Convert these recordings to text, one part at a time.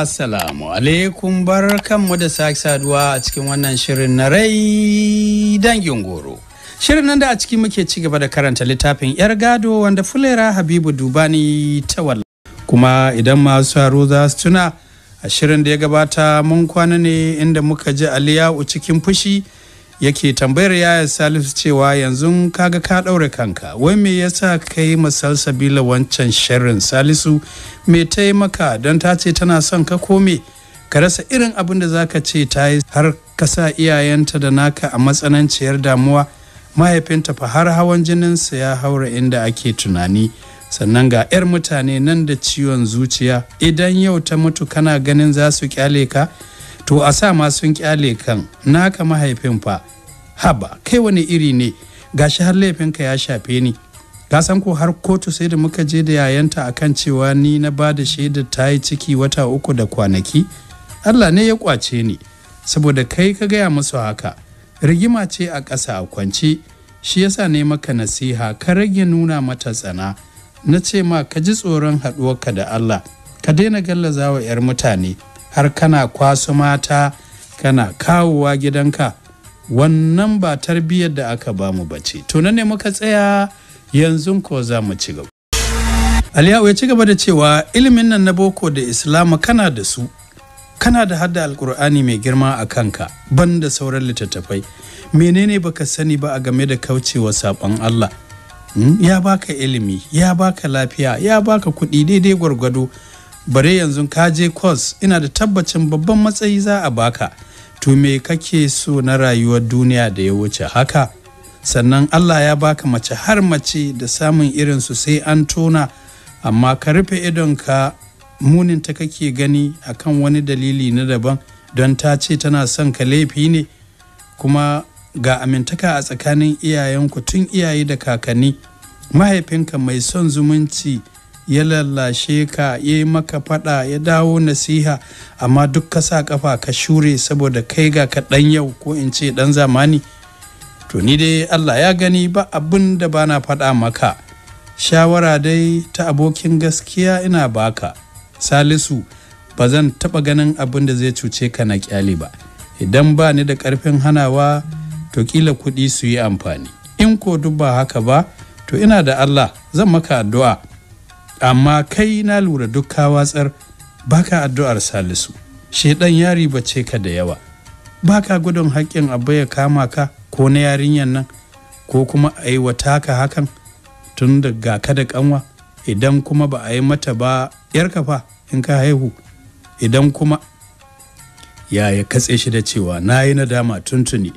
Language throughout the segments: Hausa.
Assalamu alaikum barkanmu da sake saduwa a cikin wannan shirin na rai dangin goro. Shirin nan da a ciki muke ci gaba da karanta littafin 'yar gado wanda fulera Habibu Dubani ta walla. Kuma idan masu haro za su tuna a shirin da ya gabata mun kwana ne inda muka ji Aliyu cikin fushi yake tambayar yaya salisu cewa yanzu kaga ka ɗaure kanka wai me yasa ka yi la wancan shirin? salisu me ta yi maka don ta ce tana son ka kome ka rasa irin abin da za ka ce ta yi har ka sa iyayenta da naka a matsananciyar damuwa mahaifinta fa har hawan jininsa ya haura inda ake tunani sannan ga 'yar mutane nan da ciwon zuciya idan yau ta mutu kana ganin za su kyale ka to a sa ma sun kyale kan naka mahaifin fa haba kai wani iri ne gashi har laifin ka ya shafe ni ka san ko har kotu sai da muka je da yayanta akan cewa ni na ba da shaida ta yi ciki wata uku da kwanaki allah ne ya kwace ni saboda kai ka gaya musu haka rigima ce a ƙasa a kwance shi yasa ne maka nasiha ka rage nuna mata tsana na ce ma ka ji tsoron ka da allah ka daina gallazawa 'yar mutane har kana kwaso mata kana kawowa gidanka wannan ba tarbiyyar da aka bamu ba ce tunan ne muka tsaya yanzu ko za mu ci gaba aliyu ya ci gaba da cewa ilimin nan na boko da islamu kana da su kana da hadda alkur'ani mai girma a kanka ban da sauran littattafai menene baka sani ba a game da kaucewa saɓon allah hmm? ya baka ilimi ya baka lafiya ya baka kuɗi daidai gwargwado bare yanzu ka je kwas ina da tabbacin babban matsayi za a baka to me kake so na rayuwar duniya da ya wuce haka sannan allah ya baka mace har mace da samun irin su sai an tona amma ka rufe idonka munin ta kake gani akan wani dalili na daban don ta ce tana son ka laifi ne kuma ga amintaka a tsakanin iyayenku tun iyaye da kakanni mahaifinka mai son zumunci ya lallashe ka ya yi maka fada ya dawo nasiha amma duk ka sa kafa ka shure saboda kai ga ka dan yau ko in ce dan zamani to ni dai Allah ya gani ba abin da bana faɗa maka shawara dai ta abokin gaskiya ina baka salisu ba zan taɓa ganin abin da zai cuce ka na kyale ba idan ba ni da karfin hanawa to kila kuɗi su yi amfani in ko duk ba haka ba to ina da Allah zan maka addu'a amma kai na lura duk ka watsar baka addu'ar salisu yari ba ce ka da yawa baka gudun haƙƙin abu ya kama ka ko na yarinyar nan ko kuma aiwata ka hakan tun daga ka da ƙanwa, idan kuma ba a yi mata ba 'yar fa in ka haihu idan kuma ya ya katse shi da cewa na yi nadama tuntuni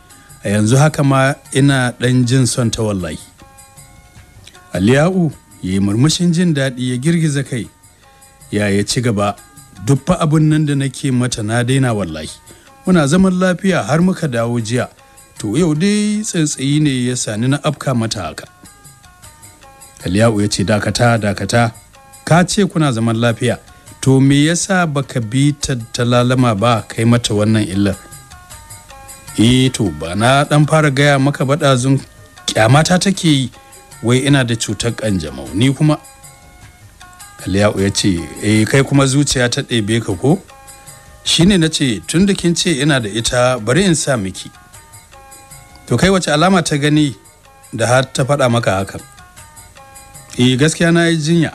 a yanzu haka ma ina ɗan jin son ta wallahi aliyau ya yi murmushin jin daɗi ya girgiza kai ya ya ci gaba duk fa abin nan da nake mata na daina wallahi muna zaman lafiya har muka dawo jiya to yau dai tsantsayi ne ya sani na afka mata haka Aliyu ya ce dakata dakata ka ce kuna zaman lafiya to me yasa baka bi ta talalama ba kai mata wannan illar eh to ba na dan fara gaya maka zun kyamata take yi wai ina da cutar kanjamau ni kuma Aliyu ya ce eh kai kuma zuciya ta ɗebe ka ko shine na ce tun da kin ce ina da ita bari in sa miki to kai wace alama ta gani da har ta faɗa maka hakan eh gaskiya na yi jinya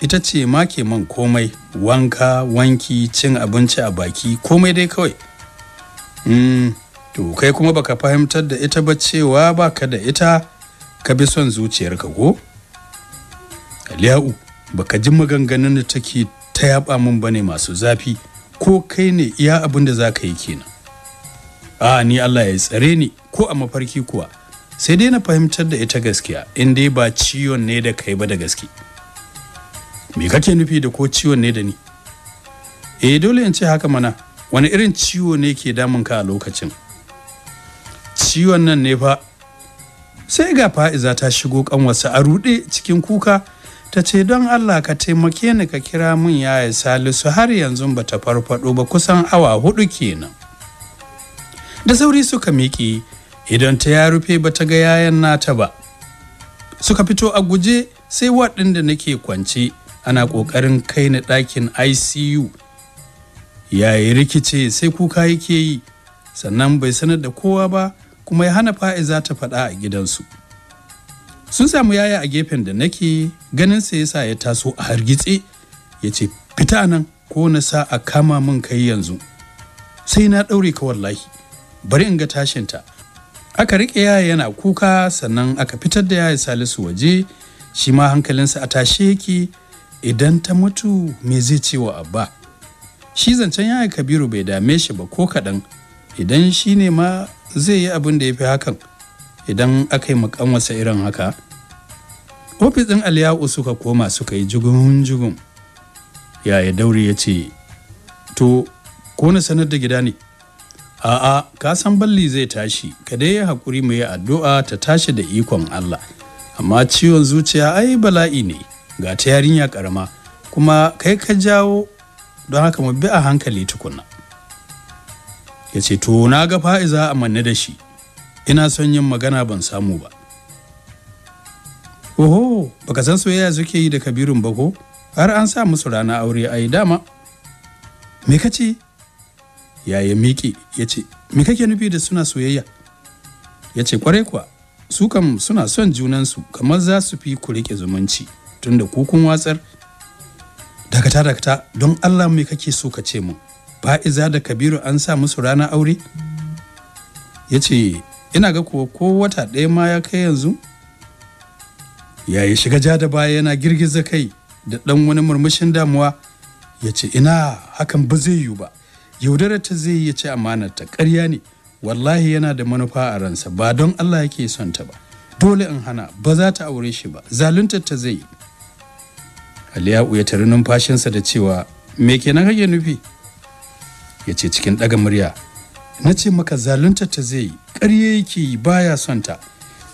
ita ce make man komai wanka wanki cin abinci a baki komai dai kawai mm, to kai kuma baka fahimtar da ita ba cewa baka da ita ka bi son zuciyarka go? Aliyu, baka ji maganganun da take ta yaba min bane masu zafi ko kai ne iya abin da zaka yi kenan a ni Allah ya tsare ni ko a mafarki kuwa sai dai na fahimtar da ita gaskiya in dai ba ciwon ne da kai ba da gaske me kake nufi da ko ciwon ne da ni eh dole in ce haka mana wani irin ciwo ne ke damun ka a lokacin ciwon nan ne fa sai ga fa'iza ta shigo kanwarsa a ruɗe cikin kuka ta ce don allah ka taimake ni ka kira mun yaya salisu har yanzu ba ta farfado ba kusan awa hudu kenan da sauri suka miƙe idan ta ya rufe ba ta ga yayan nata ba suka fito a guje sai waɗanda nake kwance ana ƙoƙarin kai ni ɗakin icu yayi rikice sai kuka yake yi sannan bai sanar da kowa ba kuma ya hana fa'iza ta faɗa a gidansu sun samu yaya a gefen da nake ganin sa yasa ya taso a hargitse ya ce fita nan ko na sa a kama min kai yanzu sai na ɗaure ka wallahi bari in ga tashinta aka riƙe yaya yana kuka sannan aka fitar da yaya salisu waje shi ma hankalinsa a tashe yake idan ta mutu me zai ce wa abba shi zancen yaya kabiru bai dame shi ba ko kaɗan idan shi ne ma zai yi abin da ya fi hakan idan aka yi wasa irin haka ofis ɗin aliyu suka koma suka yi jugun-jugun yaya dauri ya ce to ko na sanar da gida ne a'a ka san balli zai tashi ka dai yi mu yi addu'a ta tashi da ikon Allah amma ciwon zuciya ai bala'i ne ga ta yarinya ƙarama, kuma kai ka jawo don haka mu bi a hankali tukunna ya ce to na ga fa'iza a manne da shi ina son yin magana ban samu ba oho baka san soyayya suke yi da kabirun ba ko har an sa musu rana aure ai dama me ka ce ya miƙe ya ce me kake nufi da suna soyayya ya ce kwarai kuwa su kam suna son junansu kamar za su fi ku riƙe zumunci tunda ku kun watsar dakata dakata don allah me kake so ka ce mun fa'iza da kabiru an sa musu rana aure ya ce ina ga kuwa ko wata ɗaya ma ya kai yanzu ya yi shiga ja da baya yana girgiza kai da ɗan wani murmushin damuwa ya ce ina hakan ba zai yiwu ba yaudarar ta zai ya ce amanar ta ƙarya ne wallahi yana da manufa a ransa ba don allah yake son ta ba dole in hana ba za ta aure shi ba zalunta ta zai yi aliyu ya tari numfashinsa da cewa me kenan kake nufi ya ce cikin ɗaga murya na ce maka zalunta ta zai yi ƙarye yake yi baya son ta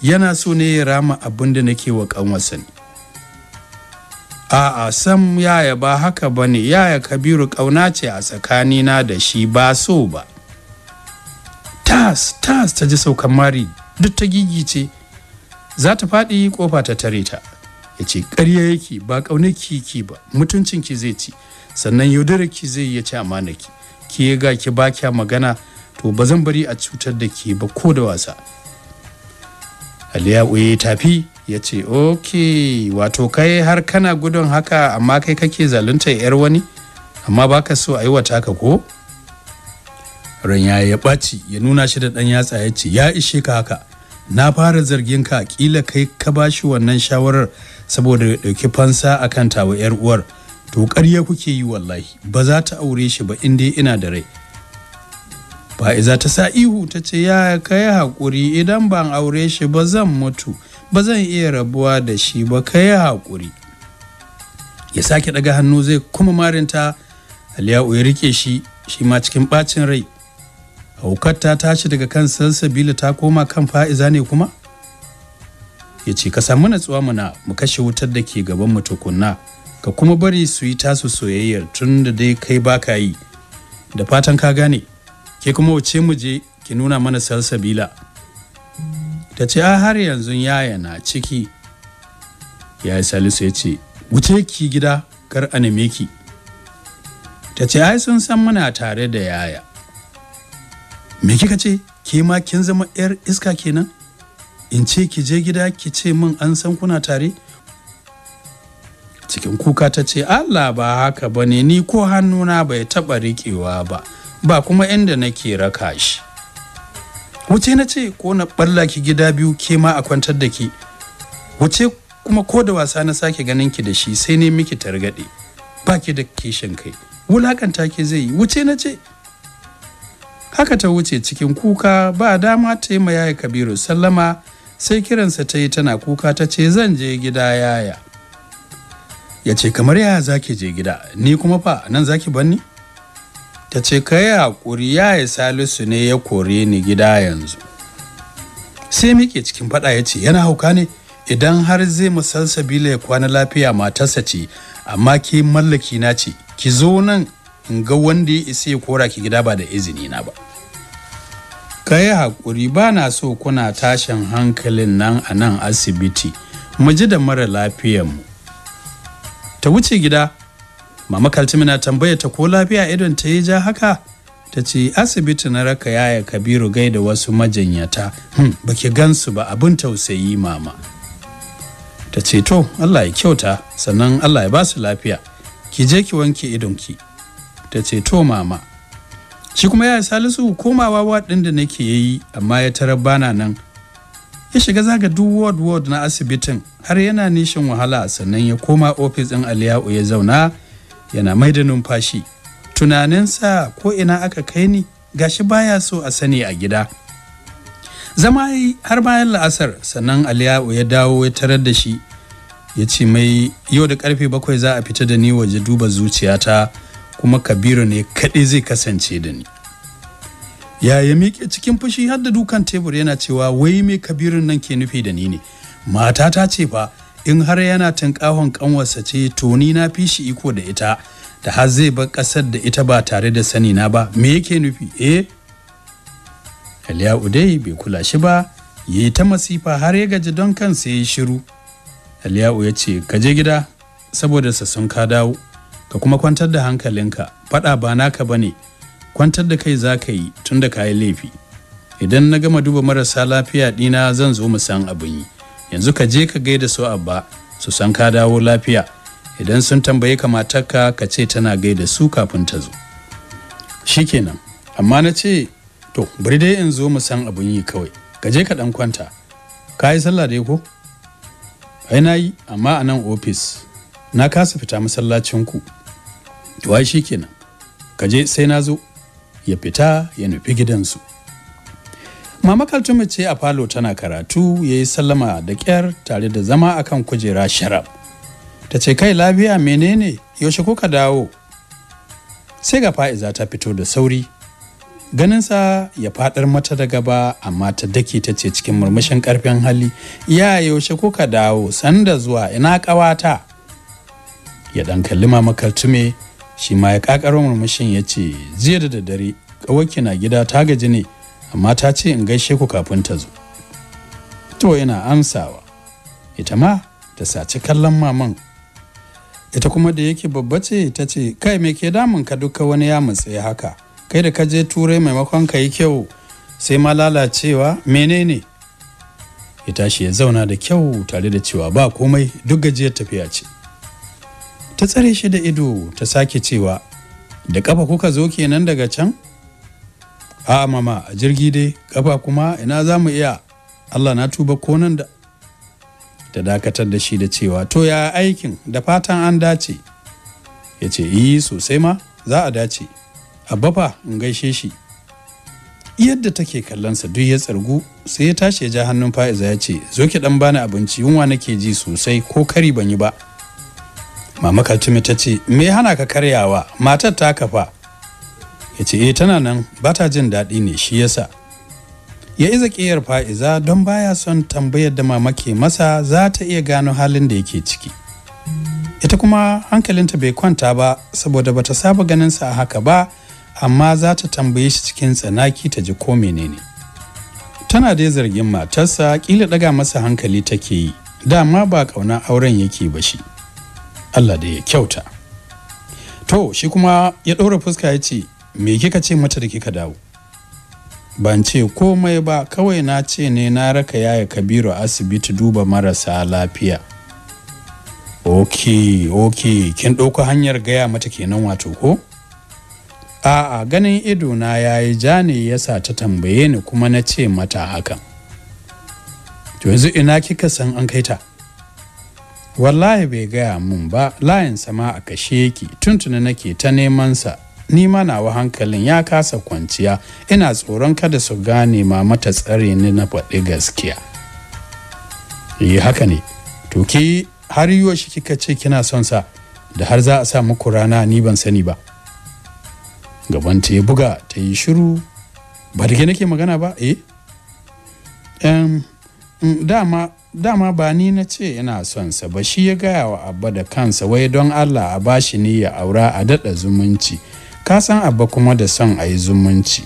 yana so ne ya rama abin da nake wa ƙanwarsa ne a'a sam yaya ba haka ba ne yaya kabiru ƙauna ce a tsakanina da shi ba so ba tas tas ta ji saukan mari duk ta gigice za ta faɗi ƙofa ta tare ta ya ce ƙarya yake ba ƙaunar ki ba mutuncinki zai ci sannan yaudarar ki zai ya ci amanaki ke ga ki ba kya magana to ba zan bari a cutar da ke ba ko da wasa aliya ya tafi ya ce ok wato kai har kana gudun haka amma kai kake zalunta yar wani amma baka so a yi wata ka ko ranya ya ɓaci ya nuna shi da ɗan yatsa ya ce ya ishe ka haka na fara zargin ka kila kai ka bashi wannan shawarar saboda ya ɗauki fansa akan tawa yar uwar to ƙarya kuke yi wallahi ba za ta aure shi ba inda ina da rai fa'iza ta sa ihu ta ce ya kai haƙuri idan ban aure shi ba zan mutu ba zan iya rabuwa da shi ba kai haƙuri ya sake ɗaga hannu zai kuma marinta aliyu ya rike shi shi ma cikin ɓacin rai haukar ta tashi daga kan salsabila ta koma kan fa'iza ne kuma ya ce ka samu natsuwa muna mu kashe wutar da ke gaban mu tukunna ka kuma bari su yi tasu soyayyar tun da dai kai baka yi da fatan ka gane ke kuma wace mu je ki nuna mana salsabila ta ce ah, har yanzu yaya na ciki ya salisu ya ce wuce ki gida kar a neme ki ta ce ai sun san muna tare da yaya me kika ce ke ma kin zama yar iska kenan in ce ki je gida ki ce min an san kuna tare cikin kuka ta ce allah ba haka ba ne ni ko hannuna bai taɓa riƙewa ba ba kuma inda nake raka shi wuce na ce ko na ɓalla ki gida biyu ke ma a kwantar da ki wuce kuma ko da wasa na sake ganin ki da shi sai ne miki targaɗe ba ki da kishin kai wulakanta ki zai yi wuce na ce haka ta wuce cikin kuka ba dama ta yi ma yaya kabiru sallama sai kiransa ta yi tana kuka ta ce zan je gida yaya ya ce kamar yaya zaki je gida ni kuma fa nan zaki banni ta ce kai hakuri yaya salisu ne ya kore ni gida yanzu sai muke cikin fada ya ce yana hauka ne idan har zai musalsabila ya kwana lafiya matarsa ce amma ke mallaki na ce ki zo nan in ga wanda ya isa ya kora ki gida ba da izini na ba kai hakuri ba na so kuna tashin hankalin nan a nan asibiti mu ji da mara lafiyanmu ta wuce gida mama kaltumi na tambaya ta ko lafiya idon ta yi ja haka ta ce asibiti na raka yaya kabiru gai da wasu majanyata hmm, ba ki gansu ba abin tausayi mama ta ce to allah ya kyauta sannan allah ya ba su lafiya ki je ki wanke idonki ta ce to mama shi kuma ya salisu komawa ɗin da nake yi amma ya tarar bana nan ya shiga zaga duk ward ward na asibitin har yana nishin wahala sannan ya koma ofis ɗin aliyu ya zauna yana mai da numfashi tunaninsa ko ina aka kai ni gashi baya so a sani a gida zama har bayan la'asar sannan aliyu ya dawo ya tarar da shi ya ce mai yau da karfe bakwai za a fita da ni waje duba zuciyata kuma kabiru ne kaɗai zai kasance da ni ya ya miƙe cikin fushi har da dukan tebur yana cewa wai mai kabirin nan ke nufi da ni ne Mata ta ce fa in har yana tunkahon kanwarsa ce to ni na fi shi iko da ita da har zai bar ƙasar da ita ba tare da sani na ba me yake nufi eh Aliyu Udai bai kula shi ba yi ta masifa har ya gaji don kansa ya yi shiru Aliyu ya ce ka je gida saboda sassan ka dawo ka kuma kwantar da hankalinka faɗa ba naka bane kwantar da kai za ka yi tun da kayi laifi idan na gama duba marasa lafiya dina zan zo mu san abin yi yanzu ka je ka gaida su abba su san ka dawo lafiya idan sun tambaye ka matarka ka ce tana gaida su kafin ta zo shikenan amma na ce to bari dai in zo mu san abin yi kawai ka je ka dan kwanta ka yi sallah dai ko ai na yi amma a nan ofis na kasa fita masallacin ku to ai shikenan ka je sai na zo ya fita ya nufi gidansu mama Katume ce a falo tana karatu ya yi sallama da ƙyar tare da zama akan kujera sharaf ta ce kai lafiya menene yaushe kuka dawo sai ga fa'iza ta fito da sauri ganinsa ya faɗar mata da gaba amma ta dake ta ce cikin murmushin karfin hali ya yaushe kuka dawo sanda zuwa ina ƙawata? ya dan kalli mama kaltume shi ma ya kakaro murmushin ya ce jiya da daddare ƙawarki na gida ta gaji ne amma ta ce in gaishe ku kafin ta zo to yana amsawa ita ma ta saci kallon maman ita kuma da yake babba ce ta ce kai me ke damun ka duka wani ya mutse haka kai da ka je turai maimakon ka yi kyau sai ma lalacewa menene ya tashi ya zauna da kyau tare da cewa ba komai duk gajiyar tafiya ce ta tsare shi da ido ta sake cewa da kafa kuka zo kenan daga can a'a mama a jirgi dai kafa kuma ina za mu iya allah na tuba konan da ta dakatar da shi da cewa to ya aikin da fatan an dace ya ce yi sosai ma za a dace abba fa in gaishe shi yadda take kallonsa duk ya tsargu sai ya tashi ya ja hannun fa'iza ya ce zo ki dan bani abinci yunwa nake ji sosai ko kari ban yi ba mama kaltumi ta ce me hana ka karyawa matar ta kafa ya ce eh tana nan ba ta jin daɗi ne shi yasa ya iza ƙiyar fa'iza don baya son tambayar da mama ke masa za ta iya gano halin da yake ciki ita kuma hankalinta bai kwanta ba saboda bata saba ganin sa a haka ba amma za ta tambaye shi cikin tsanaki ta ji ko menene tana dai zargin matarsa kila daga masa hankali take yi dama ba kauna auren yake ba shi Allah da ya kyauta to shi kuma ya ɗora fuska ya ce me kika ce mata da kika dawo ban ce komai ba kawai na ce ne na raka yaya kabiru asibiti duba marasa lafiya ok ok kin ɗauko hanyar gaya mata kenan wato ko a'a ganin ido na yi ja ne ya sa ta tambaye ni kuma na ce mata hakan to yanzu ina kika san an kai ta wallahi bai gaya mun ba layin sama a kashe yake tuntuna nake ta neman sa ni ma nawa hankalin ya kasa kwanciya ina tsoron kada su gane ma mata tsare ni na faɗi gaskiya yi eh, haka ne to ki har yiwa shi kika ce kina son sa da har za a sa muku rana ni ban sani ba gaban ta buga ta yi shiru ba da nake magana ba eh Mm, dama dama ba ni na ce ina son sa ba shi ya gaya wa abba da kansa wai don Allah a bashi ni ya aura a daɗa zumunci ka san abba kuma da son a yi zumunci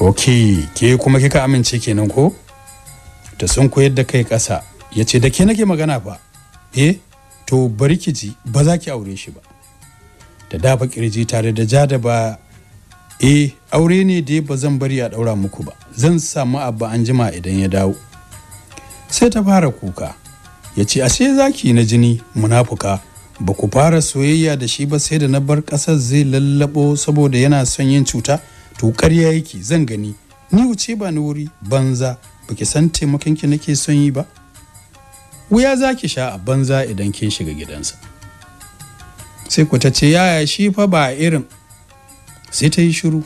ok ke kuma kika amince kenan ko ta sun koyar da kai ƙasa ya ce da ke nake magana ba eh to bari ki ji ba za ki aure shi ba da dafa kirji tare da ja da ba eh aure ne da ba zan bari a ɗaura muku ba zan samu abba an jima idan ya dawo sai ta fara kuka ya ce ashe zaki na jini munafuka ba ku fara soyayya da shi ba sai da na bar ƙasar zai lallabo saboda yana son yin cuta to ƙarya yake zan gani ni wuce ba ni wuri banza ba ki san taimakon ki nake son yi ba wuya zaki sha a banza idan kin shiga gidansa sai ku ta ce yaya shi fa ba irin sai ta yi shiru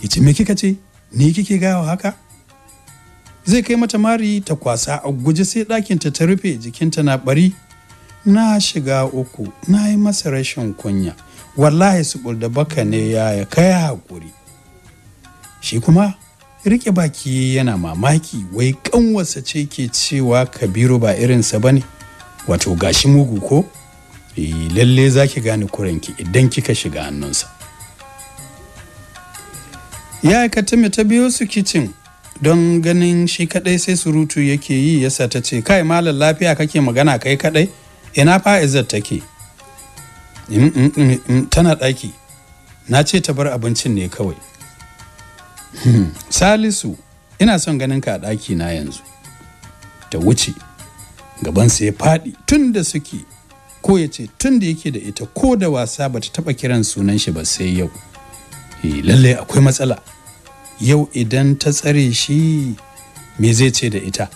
ya ce me kika ce ni kike gawa haka zai kai mata mari ta kwasa a guje sai ɗakinta ta rufe jikinta na bari. na shiga uku na yi masa rashin kunya wallahi subul da baka ne ya ya kai haƙuri shi kuma riƙe baki yana mamaki wai ƙanwasa ce ke cewa kabiru ba irinsa ba ne wato gashi mugu ko eh, lalle za ki gane kuranki idan kika shiga hannunsa ya'yakata mai ta biyo su kicin don ganin shi kadai sai surutu yake yi yasa ta ce kai malam lafiya kake magana kai kadai ina fa izzat take mm, mm, mm, tana daki. na ce ta bar abincin ne kawai hmm, salisu ina son ganin ka a ɗaki na yanzu ta wuce gabansa ya faɗi tun suke ko ya ce tun yake da ita ko da wasa bata ta taɓa kiran sunan shi ba sai yau Eh, lallai akwai matsala yau idan ta tsare shi me zai ce da ita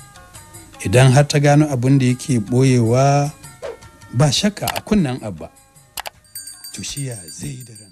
idan har ta gano abin da yake boyewa ba shakka a kunnen abba to shi ya zai da ran